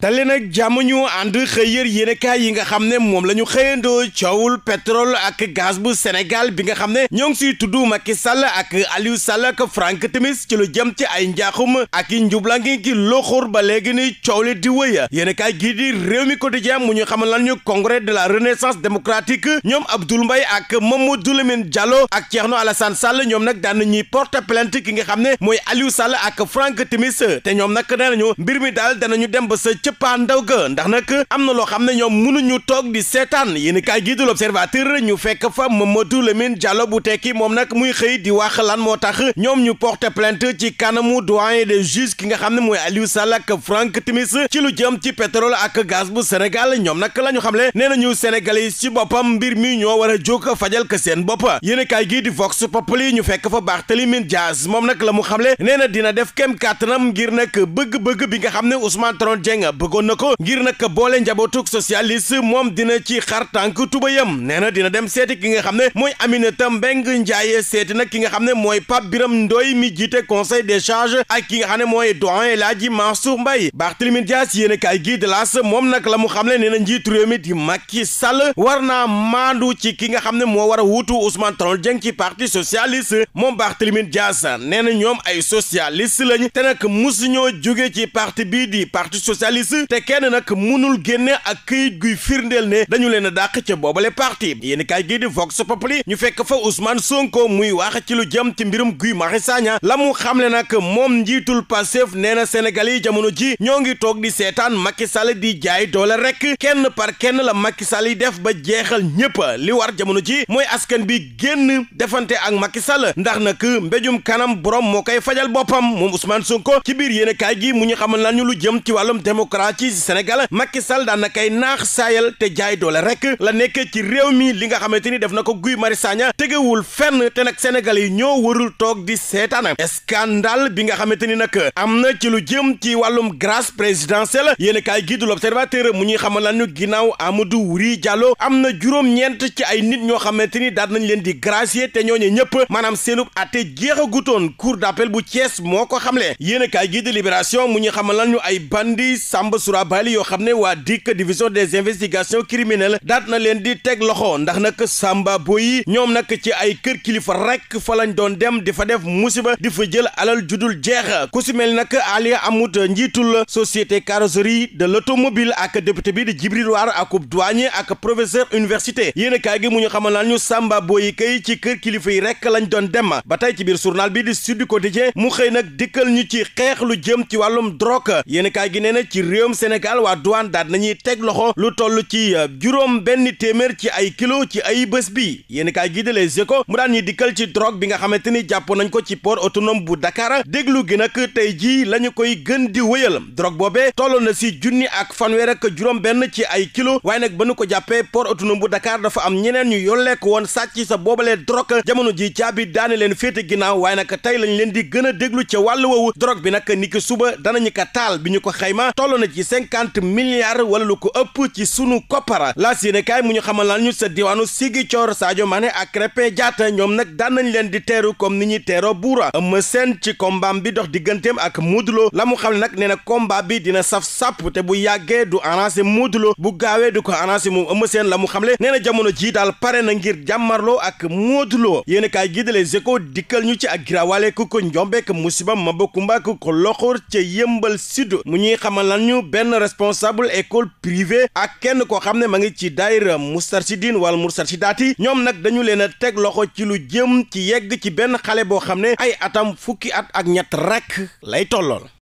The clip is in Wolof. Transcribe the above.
dale nag jàmm ñu ànd xëy yër yéenekaay yi nga xam ne moom la ñu xëyandoo coowul pétrole ak gaz bu Sénégal bi nga xam ne ñoo ngi siy tudd Macky Sall ak Aliou Sall ak Frank Timis ci lu jëm ci ay njaaxum ak i njublangi gi loxoor ba léegi ni coow li di wëya yéenekaay gii di réew mi quotidien mu ñu xamal lan ñu congrès de la renaissance démocratique ñoom Abdoul Mbaye ak Mamadou Lamine jalo ak Thierno Alassane Sall ñoom nag daan ñuy porter plainte ki nga xam ne mooy Aliou Sall ak Frank Timis te ñoom nag nee nañu mbir mi danañu dem ba cëppaa ndaw ga ndax nag am na loo xam ne ñoom ñu toog di seetaan yéen kaay gii du l'observateur ñu fekk fa Mamadou Lamine Diallo bu tekki moom nag muy xëy di wax lan moo tax ñoom ñu porter plainte ci kanamu doyen de juges ki nga xam ne mooy Aliou Sall ak Franck Timis ci lu jëm ci pétrole ak gaz bu Sénégal ñoom nag la ñu xam xamle nee nañu Sénégalais yi ci boppam mbir mi ñoo war a jóg fajal ko seen bopp yéen kaay gii di Vox Populi ñu fekk fa Barthélémy Dias moom nag la mu xamle nee na dina def kem kàttanam ngir nag bëgg-bëgg bi nga xam ne Ousmane Tanor Dieng bëggoon na ko ngir nag boole njabootu socialiste moom dina ci xar tànk tubayam nee na dina dem seeti ki nga xam ne mooy Aminata Mbengue Ndiaye seeti nag ki nga xam ne mooy Pape Biram Ndoy mi jiite conseil des charges ak ki nga xam ne mooy doyen El Hadji Mansour Mbaye Barthélémy Dias yéen kay kaay de laas moom nag la mu xam ne nee na njiitu réew mi di Macky Sall war naa maandu ci ki nga xam ne moo war a wuutu Ousmane Tanor ci parti socialiste moom Barthélémy Dias nee na ñoom ay socialiste lañ te nag musuñoo jóge ci parti bii di parti socialiste liste te kenn nag munul génne ak këyit guy firndeel ne dañu leen a dàq ca boobale parti yéen kaay gii di Vox Populi ñu fekk fa Ousmane Sonko muy wax ci lu jëm ci mbirum Guy Marius Sagna la mu xamle nag moom njiitul Pastef nee na Sénégal yi jamono ji ñoo ngi toog di seetaan Macky Sall di jaay doole rek kenn par kenn la Macky Sall def ba jeexal ñëpp li war jamono ji mooy askan bi génn defante ak Macky Sall ndax nag mbéjum kanam borom moo koy fajal boppam moom Ousmane Sonko ci biir yéen gi mu ñu xamal nañu jëm ci wàllum démocratie contrat ci Sénégal Macky Sall daan na kay naax saayal te jaay doole rek la nekk ci réew mi li nga xamante ni def na ko Guy Marius Sagna tegewul fenn te nag Sénégal yi ñoo warul toog di seetaan scandale bi nga xamante ni nag am na ci lu jëm ci wàllum grâce présidentielle yéen kaay gi du l'Observateur mu ñuy xamal nañu ginnaaw Amadou Wuri Diallo am na juróom-ñeent ci ay nit ñoo xamante ni daan nañ leen di gracier te ñooñu ñëpp maanaam seenub àtte jeexagutoon cour d'appel bu cees moo ko xamle yéen kaay gi de mu ñuy xamal nañu Samba Surabali yoo xam ne waa dikk division des investigations criminelles daat na leen di teg loxo ndax na Samba Boy ñoom nag ci ay kër kilifa rek fa lañ doon dem di fa def musiba di fa jël alal judul jeex ku si mel nag Alia Amoud njiitul société carrosserie de l'automobile ak député bi di Djibril War ak douanier ak professeur université yéen a kaay gi mu ñu xamal naan ñu Samba Boy kay ci kër kilifa yi rek lañ doon dem ba tey ci biir journal bi di Sud mu xëy nag dikkal ñu ci xeex lu jëm ci wàllum drogue yéen a réewum Sénégal waa douane daat nañuy teg loxo lu toll ci euh, juróom benn téeméer ci ay kilo ci ay bés bi yéen kaay gi de mu daan ñuy dikkal ci drogue bi nga xamante ni jàpp nañ ko ci port autonome bu dakaara déglu gi nag tey jii la ñu koy gën di wëyal drogue boobee toll na si junni ak fanweer ak juróom benn ci ay kilo waaye nag ba nu ko jàppee port autonome bu Dakar dafa am ñeneen ñu yolleek woon sàcc sa boobalee drogue jamono ji caabi daane leen féete ginnaaw waaye nag tey lañ leen di gën a déglu ca wàll woowu drogue bi nag niki suba danañu ko taal bi ñu ko xayma na ci cinquante milliards wala lu ko ëpp ci sunu koppara laas yéene kaay mu ñu xamal ñu sa diwaanu Ziguinchor Sadio Mané ak Krépin Diatta ñoom nag daan nañ di teeru comme ni ñuy teeroo buura Eumeu Sène ci combat bi dox digganteem ak Modou Lo la mu xam ne na combat bi dina saf sàpp te bu yàggee du arrangé Modou Lo bu gaawee du ko arrangé moom Eumeu Sène la mu xamle nee na jamono jii daal pare na ngir jàmmarloo ak Modou Lo yéen kaay gi de Les Échos dikkal ñu ci ak giraawale ñu benn responsable école privée ak kenn koo xam ne ma ngi ci daayira Moustarchidine wala Moustarchidaty ñoom nag dañu leen a teg loxo ci lu jëm ci yegg ci benn xale boo xam ne ay atam fukki at ak ñett rek lay tollool